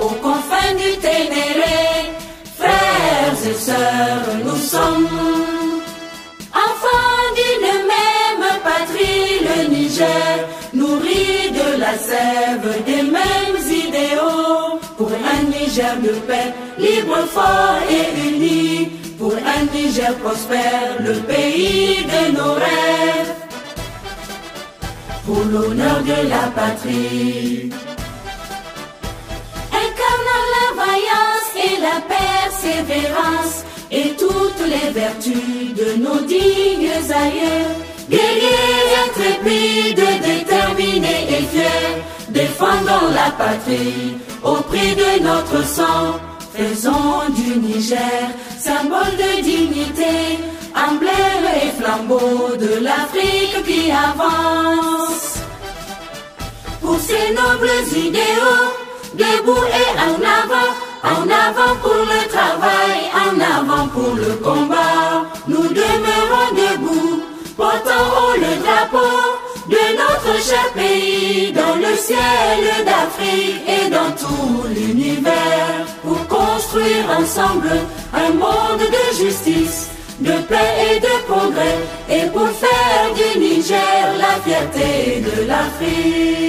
aux confins du Ténéré. Frères et sœurs, nous sommes enfants d'une même patrie, le Niger, nourri de la sève des mêmes idéaux. Pour un Niger de paix, libre, fort et uni, pour un Niger prospère, le pays de nos rêves. Pour l'honneur de la patrie. et toutes les vertus de nos dignes aïeux. Guerriers intrépides, déterminés et fiers, défendons la patrie au prix de notre sang. Faisons du Niger symbole de dignité, emblème et flambeau de l'Afrique qui avance. Pour ces nobles idéaux, debout et pour le combat, nous demeurons debout, portant le drapeau de notre cher pays, dans le ciel d'Afrique et dans tout l'univers, pour construire ensemble un monde de justice, de paix et de progrès, et pour faire du Niger la fierté de l'Afrique.